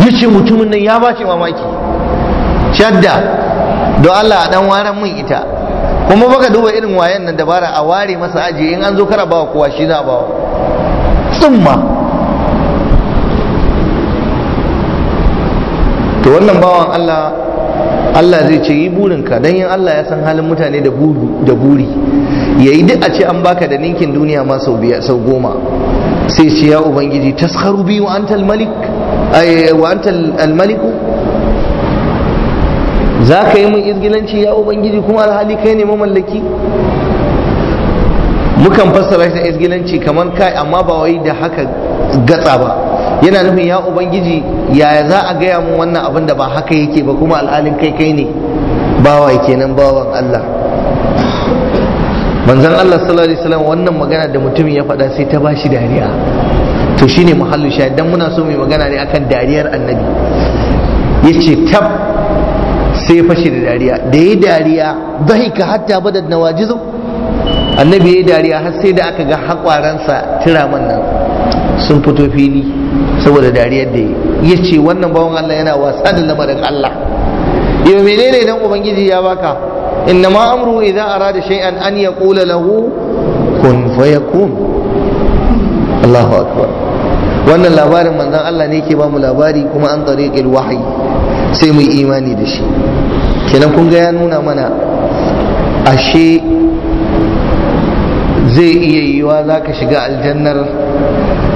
yace mutumin nan ya bace mamaki shadda don Allah a dan waran mun ita kuma baka duba irin wayan nan dabara a ware masa aji in an zo kara bawa kowa shi za bawa tsumma to wannan bawan Allah Allah zai ce yi burinka don yin Allah ya san halin mutane da buri ya yi duk a ce an baka da ninkin duniya ma sau sau goma sai ce ya ubangiji taskharu biyu wa antal al maliku za ka yi mun izgilanci ya ubangiji kuma alhali kai ne mamallaki mukan fassara shi da izgilanci kamar kai amma ba wai da haka gatsa ba yana nufin ya ubangiji yaya za a gaya mun wannan abin da ba haka yake ba kuma alhalin kai kai ne bawa kenan bawan Allah manzon Allah sallallahu alaihi wasallam wannan magana da mutumin ya faɗa sai ta bashi dariya to shine muhallu shahid dan muna so mu magana ne akan dariyar annabi yace tab sai ya fashe da dariya da ya dariya ka hatta badad nawajizu annabi ya dariya har sai da aka ga haƙwaransa tiraman nan sun fito fili saboda dariyar da ya ce wannan bawan Allah yana wasa da lamarin Allah yau menene idan ubangiji ya baka inna ma amru idza arada shay'an an yaqula lahu kun fayakun Allahu akbar wannan labarin manzon Allah ne ke ba mu labari kuma an tariqil wahayi sai mu yi imani da shi kenan kun ga ya nuna mana ashe zai iya yiwa za ka shiga aljannar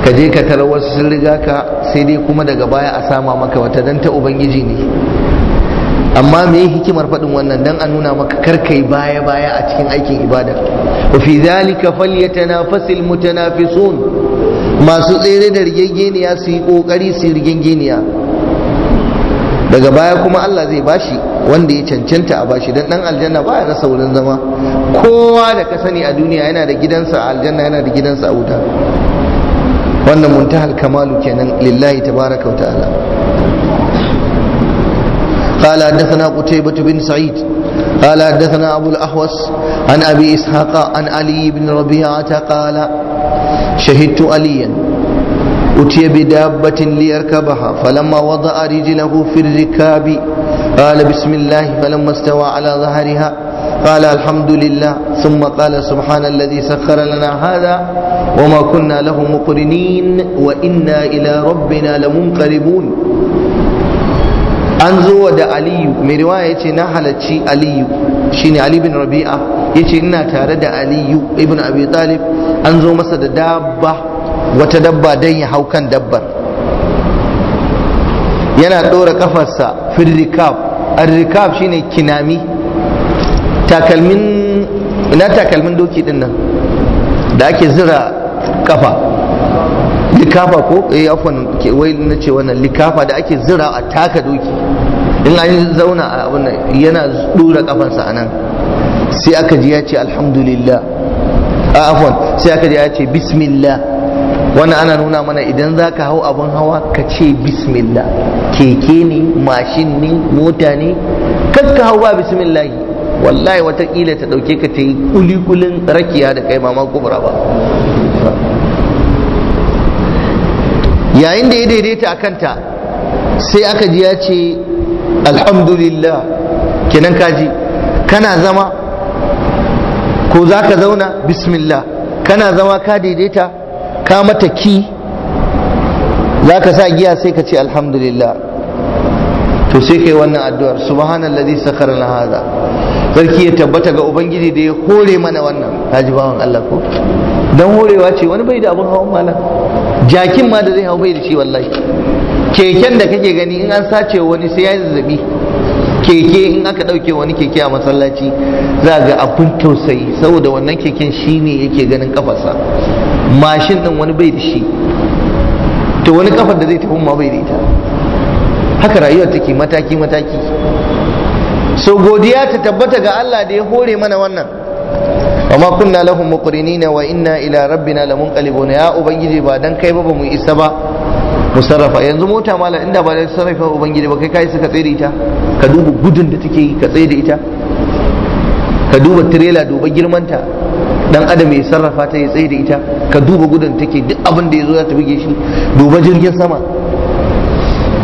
ka je ka tara wasu sun riga ka sai dai kuma daga baya a sama maka wata dan ta ubangiji ne amma me hikimar faɗin wannan don a nuna maka karkai baya baya a cikin aikin ibada wa fi zalika falyatanafasil mutanafisun masu tsere da rigingeniya su yi ƙoƙari su yi rigingeniya daga baya kuma Allah zai bashi wanda ya cancanta a bashi dan dan aljanna baya rasa wurin zama kowa da ka sani a duniya yana da gidansa a aljanna yana da gidansa a wuta wannan muntahal kamalu kenan lillahi tabaraka wa ta'ala قال حدثنا قتيبة بن سعيد قال حدثنا أبو الأحوص عن أبي إسحاق عن علي بن ربيعة قال شهدت عليا أتي بدابة ليركبها فلما وضع رجله في الركاب قال بسم الله فلما استوى على ظهرها قال الحمد لله ثم قال سبحان الذي سخر لنا هذا وما كنا له مقرنين وإنا إلى ربنا لمنقلبون an zo wa da aliyu mai riwaya ya ce na halarci aliyu shine ali bin rabi'a ya ce ina tare da aliyu ibn abi talib an zo masa da dabba wata dabba don ya hau kan dabbar yana ɗora ƙafarsa firrikaf Arrikaf shi ne shine kinami takalmin ina takalmin doki din nan da ake zira kafa likafa ko eh afwan wai na ce wannan likafa da ake zira a taka doki in an zauna a abin nan yana dura kafansa anan sai aka ji ya ce alhamdulillah a afwan sai aka ji ya ce bismillah wannan ana nuna mana idan za ka hau abin hawa ka ce bismillah keke ne mashin ne mota ne ka hau ba bismillahi wallahi watakila ta dauke ka ta yi kulikulin rakiya da kai mama kubra ba yayin da ya daidaita a kanta sai aka ji ya ce alhamdulillah kenan kaji kana zama ko za ka zauna bismillah kana zama ka daidaita ka mata ki za ka sa giya sai ka ce alhamdulillah to sai kai wannan addu'ar subhanallazi sakhara na hada sarki ya tabbata ga ubangiji da ya hore mana wannan kaji bawan Allah ko dan horewa ce wani bai da abun hawan malam jakin ma da zai hau bai da shi wallahi keken da kake gani in an sace wani sai ya zazzabi keke in aka ɗauke wani keke a masallaci za ga abin tausayi saboda wannan keken shine yake ganin kafarsa mashin din wani bai da shi to wani kafar da zai tafi ma bai da ita haka rayuwar take mataki mataki so godiya ta tabbata ga Allah da ya hore mana wannan amma kunna lahum muqrinina wa inna ila rabbina lamunqalibun ya ubangiji ba dan kai ba mu isa ba mu sarrafa yanzu mota mala inda ba da sarrafa ubangiji ba kai kai suka tsere ita ka duba gudun da take yi ka tsere ita ka duba trailer duba girmanta dan adam ya sarrafa ta ya tsaye da ita ka duba gudun take duk abin da ya zo za ta buge shi duba jirgin sama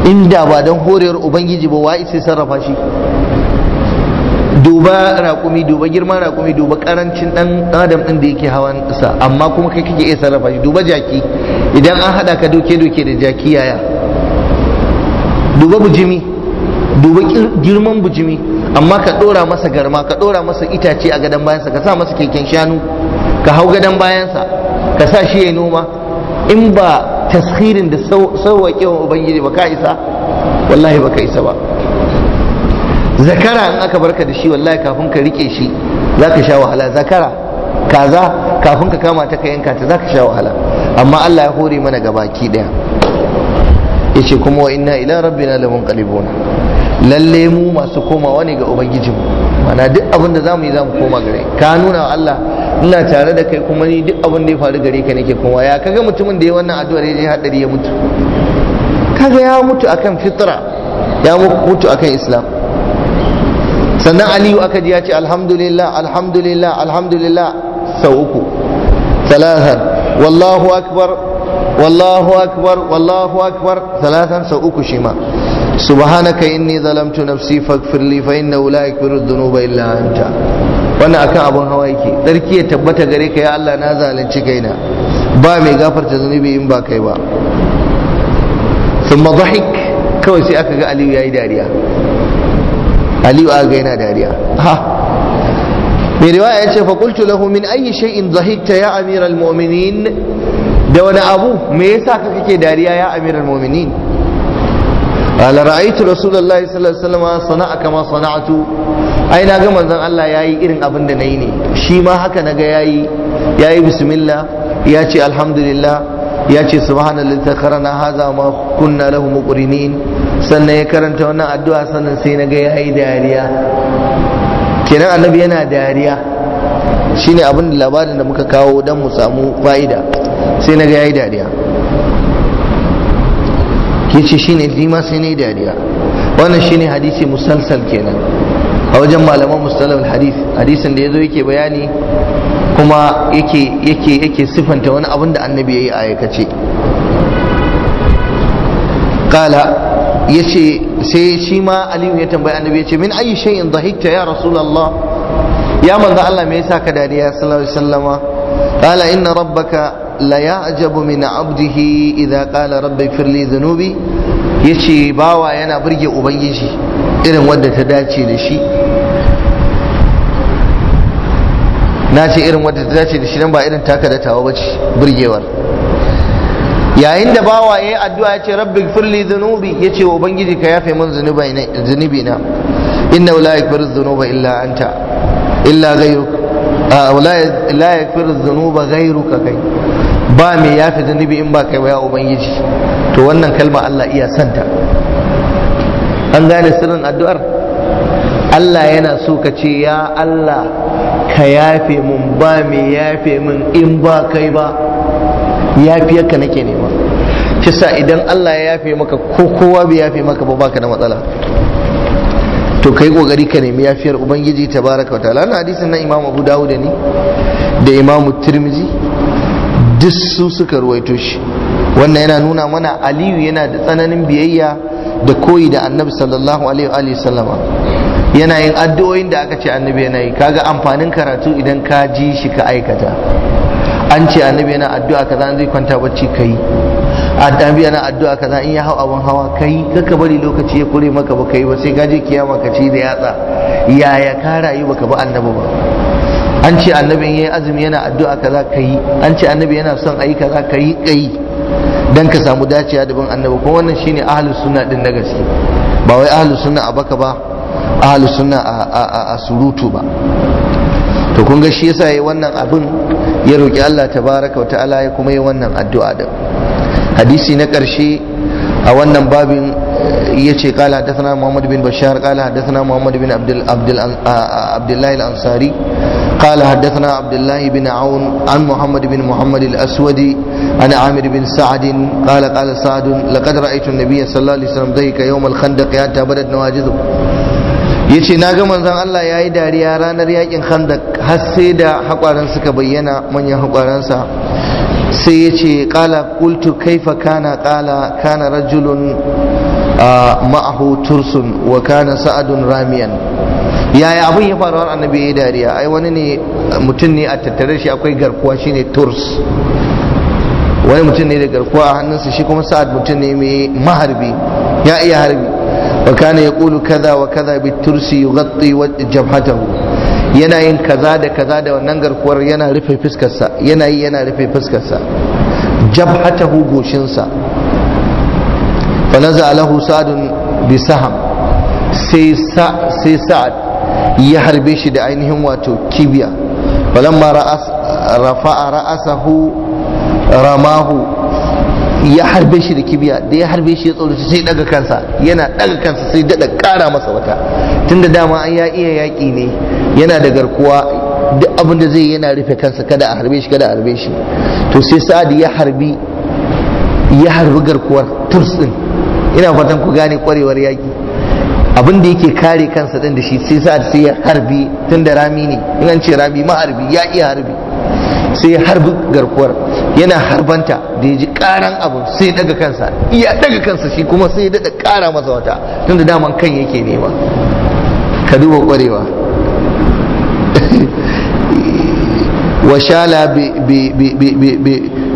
inda ba don horewar ubangiji ba wa'i sai sarrafa shi duba raƙumi duba girma raƙumi duba ƙarancin ɗan adam ɗin da yake hawan sa amma kuma kai kake iya sarrafa shi duba jaki idan an haɗa ka doke doke da jaki yaya duba bujimi duba girman bujimi amma ka dora masa garma ka dora masa itace a gadon bayansa ka sa masa keken shanu ka hau gadon bayansa ka sa shi ya noma in ba tashirin da sauwaƙe wa ubangiji ba ka isa wallahi ba ka isa ba zakara in aka barka da shi wallahi kafin ka rike shi za ka sha wahala zakara kaza kafin ka kama ta ka yanka ta za ka sha wahala amma Allah ya hore mana gabaki daya ce kuma wa inna ila rabbina lamunqalibuna lalle mu masu komawa ne ga ubangijinmu mana duk abin da zamu yi zamu koma gare ka nuna wa Allah ina tare da kai kuma ni duk abin da ya faru gare ka nake koma ya kaga mutumin da ya wannan addu'ar ya je hadari ya mutu kaga ya mutu akan fitra ya mutu akan islam sannan aliyu aka ji ya ce alhamdulillah alhamdulillah alhamdulillah sau uku salahan wallahu akbar wallahu akbar wallahu akbar salasan sau uku shi ma subhanaka inni zalamtu nafsi faghfir li fa innahu la yaghfiru dhunuba illa anta wannan akan abun hawa yake tsarki ya tabbata gare ka ya Allah na zalunci kaina ba mai gafarta zunubi in ba kai ba thumma dhahik kawai sai aka ga Aliyu yayi dariya Aliyu aka ga yana dariya ha mai riwaya ya ce fa qultu lahu min ayyi shay'in dhahikta ya amiral mu'minin da wani abu me yasa ka kake dariya ya amiral mu'minin qala ra'aytu rasulullahi sallallahu alaihi wasallam sana'a kama sana'atu ai na ga manzon Allah yayi irin abin da nayi ne shi ma haka naga yayi yayi bismillah ya ce alhamdulillah ya ce subhanallahi takarana hadha ma kunna lahu muqrinin sannan ya karanta wannan addu'a sannan sai naga yayi dariya kenan annabi yana dariya shine abin da labarin da muka kawo don mu samu fa'ida sai na ga yayi dariya yace shine zima sai ne dariya wannan shine hadisi musalsal kenan a wajen malaman musallam hadis hadisin da yazo yake bayani kuma yake yake sifanta wani abin da annabi yayi a aikace qala yace sai shi ma aliyu ya tambayi annabi yace min ayi shay'in dhahikta ya rasulullah ya manzo Allah me sa ka dariya sallallahu alaihi wasallama ina inna rabbaka يعجب من عبده اذا قال ربي اغفر لي ذنوبي yace bawa yana burge ubangiji irin wadda ta dace da shi na ce irin wadda ta dace da shi nan ba irin taka da tawa bace burgewar yayin da bawa ya yi addu'a yace rabbi firli li dhunubi yace wa ubangiji ka yafe min zunubi na inna la yakfir dhunuba illa anta illa ghayruk la yakfir dhunuba ghayruka kai ba mai yafi zunubi in ba kai ba ya ubangiji to wannan kalma Allah iya santa an gane sirrin addu'ar Allah yana so ka ce ya Allah ka yafe mun ba mai yafe mun in ba kai ba yafiyarka nake nema kisa idan Allah ya yafe maka ko kowa bai yafe maka ba baka da matsala to kai kokari ka nemi yafiyar ubangiji tabaraka wa ta'ala na hadisin na imam abu dawud ne da imam Turmiji. duk su suka ruwaito shi wannan yana nuna mana aliyu yana da tsananin biyayya da koyi da annabi sallallahu alaihi sallama yana yin addu'o'in da aka ce annabi yana yi kaga amfanin karatu idan ka ji shi ka aikata an ce annabi yana addu'a kaza an zai kwanta bacci kai annabi yana addu'a kaza in ya hau abun hawa kai kaka bari lokaci ya kure maka ba kai ba sai ka je kiyama ka ci da yatsa yaya ka rayu baka ba annabi ba an ce annabi yayi azumi yana addu'a kaza kai an ce annabi yana son ayi kaza kai kai dan ka samu dacewa da bin annabi kuma wannan shine ahlus sunna din na gaske ba wai ahlus sunna a baka ba ahlus sunna a surutu ba to kun ga shi yasa yayi wannan abin ya roki Allah ta wa ta'ala ya kuma yi wannan addu'a din hadisi na karshe a wannan babin ya ce kala haddathana muhammad bin bashar kala haddathana muhammad bin uh, uh, abdullahi al-ansari kala haddathana abdullahi bin aun an muhammad bin muhammad alaswadi aswadi an amir bin sa'adin kala kala sa'adun laqad ra'aytu an-nabiy sallallahu islam zai dhika yawm al-khandaq ya tabarrad nawajidu yace na ga manzon Allah ya yi dariya ranar yakin khandaq har sai da hakwaran suka bayyana manyan hakwaran sa sai yace ƙala qultu kaifa kana kala kana rajulun ma'ahu tursun wa kana sa'adun ramiyan yaya abin ya faru har annabi ya yi dariya ai wani ne mutum ne a tattare shi akwai garkuwa shine turs wani mutum ne da garkuwa a hannunsa shi kuma sa'ad mutum ne mai maharbi ya iya harbi wa kana yaqulu kaza wa kaza bi tursi yughatti jabhatahu yana yin kaza da kaza da wannan garkuwar yana rufe fuskarsa yana yi yana rufe fuskarsa jabhatahu goshinsa فنزع له sa'adun بسهم سي sai sa'ad ya harbe shi da ainihin wato kibiya falamma ya harbe shi da kibiya da ya harbe shi ya tsoro sai daga kansa yana daga kansa sai dada kara masa wata tunda dama an ya iya yaƙi ne yana da garkuwa duk abin da zai yana rufe kansa kada a harbe shi kada a harbe shi to sai sa'ad ya harbi garkuwar Tursin. din ina fatan ku gane kwarewar yaki abin da yake kare kansa din da shi sai sa sai ya harbi tun da rami ne in an ce rami harbi ya iya harbi sai harbi garkuwar yana harbanta da ya ji karan abu sai daga kansa iya daga kansa shi kuma sai ya kara masa wata tun da daman kan yake nema ka duba kwarewa washala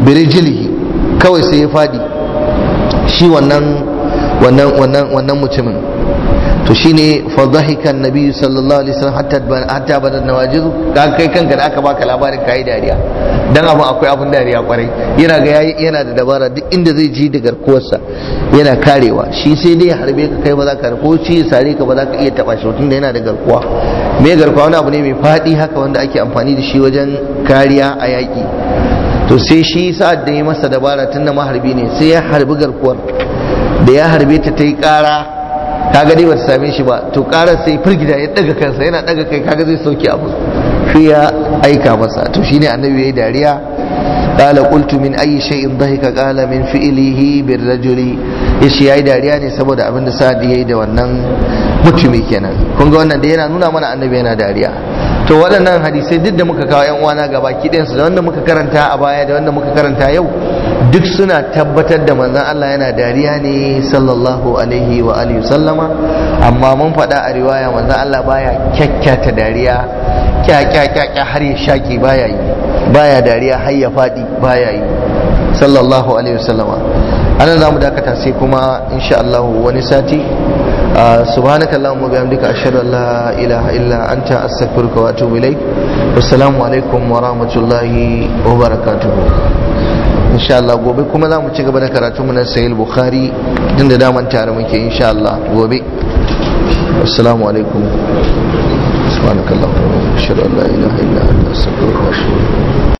birijilihi kawai sai ya fadi shi wannan wannan wannan wannan mutumin to shine fa dhahika annabi sallallahu alaihi wasallam hatta hatta badan nawajiz ka kai kanka da aka baka labarin kai dariya dan abu akwai abun dariya kwarai yana ga yayi yana da dabara duk inda zai ji da garkuwarsa yana karewa shi sai dai harbe ka kai ba za ka ko shi sare ka ba za ka iya taba shi tunda yana da garkuwa me garkuwa wani abu ne mai fadi haka wanda ake amfani da shi wajen kariya a yaki to sai shi sa'ad da ya masa dabara tunda maharbi ne sai ya harbi garkuwar da ya harbe ta ta yi ƙara kaga dai bata same shi ba to ƙarar sai firgida ya daga kansa yana daga kai kaga zai sauki abu shi ya aika masa to shine annabi yi dariya qala qultu min ayi shay'in dhahika qala min fi'lihi shi ya yayi dariya ne saboda abin da sa'adi yayi da wannan mutumi kenan kun ga wannan da yana nuna mana annabi yana dariya to waɗannan hadisai duk da muka kawo 'yan uwana ga baki su da wanda muka karanta a baya da wanda muka karanta yau duk suna tabbatar da manzan Allah yana dariya ne sallallahu alaihi wa alihi sallama amma mun faɗa a riwaya manzan Allah baya kyakkyata dariya kyakkyakya har ya shaki baya yi baya dariya har ya faɗi baya yi sallallahu alaihi wa sallama anan zamu dakata sai kuma insha Allah wani sati سبحانك اللهم وبحمدك أشهد أن لا إله إلا أنت أستغفرك وأتوب إليك والسلام عليكم ورحمة الله وبركاته insha Allah gobe kuma za mu ci gaba da karatu mu na sahih bukhari din da daman tare muke insha Allah gobe assalamu alaikum subhanakallahumma wa bihamdika ashhadu an la ilaha illa anta astaghfiruka wa atubu